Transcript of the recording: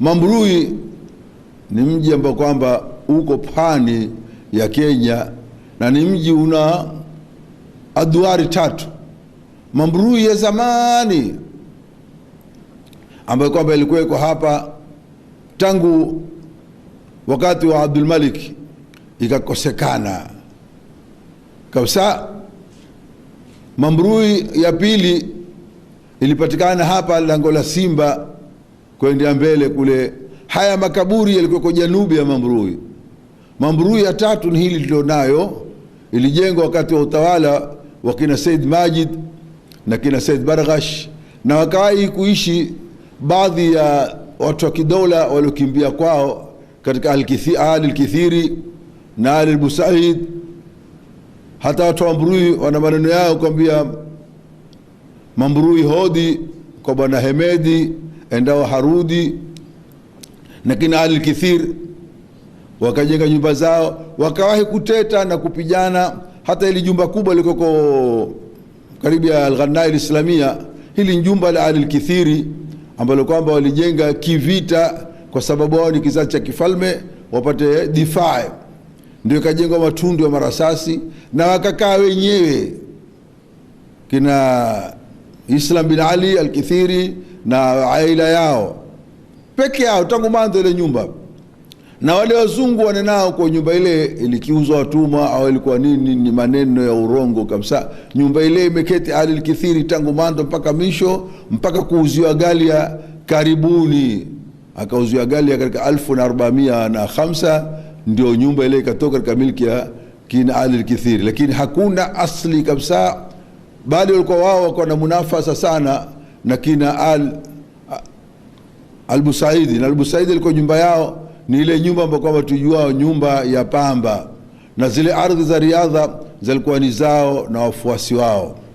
mamburui ni mji ambao kwamba uko pwani ya Kenya na ni mji una aduari tatu. mamburui ya zamani ambayo kwamba ilikuwa iko hapa tangu wakati wa Abdul Malik ikakosekana kabisa. mamburui ya pili ilipatikana hapa lango la Simba kwenda mbele kule, haya makaburi yalikuwa janubi ya Mambrui. Mambrui ya tatu ni hili tulionayo, ilijengwa wakati wa utawala wa kina Said Majid na kina Said Barghash, na wakawahi kuishi baadhi ya watu wa kidola waliokimbia kwao katika lkithiri na busaid Hata watu wa Mambrui wana maneno yao kwambia Mambrui hodi kwa bwana Hemedi endao harudi na kina Alkithir wakajenga nyumba zao, wakawahi kuteta na kupijana Hata ili jumba kubwa likoko karibu ya Alghana Alislamia, hili jumba la Alkithiri ambalo kwamba walijenga kivita, kwa sababu wao ni kizazi cha kifalme wapate difaa, ndio ikajengwa matundu ya marasasi na wakakaa wenyewe kina Islam bin Ali Alkithiri na aila yao peke yao tangu mwanzo ile nyumba, na wale wazungu wanenao kwa nyumba ile ilikiuzwa watumwa au ilikuwa nini, ni maneno ya urongo kabisa. Nyumba ile imeketi Ali Alkithiri tangu mwanzo mpaka misho, mpaka kuuziwa Galia karibuni akauziwa Galia katika alfu na na hamsa, ndio nyumba ile ikatoka katika milki ya kina Ali Alkithiri, lakini hakuna asli kabisa bali walikuwa wao wako na munafasa sana na kina al Albusaidi na Albusaidi alikuwa nyumba yao ni ile nyumba ambayo kwamba tujuao nyumba ya pamba, na zile ardhi za Riadha zilikuwa ni zao na wafuasi wao.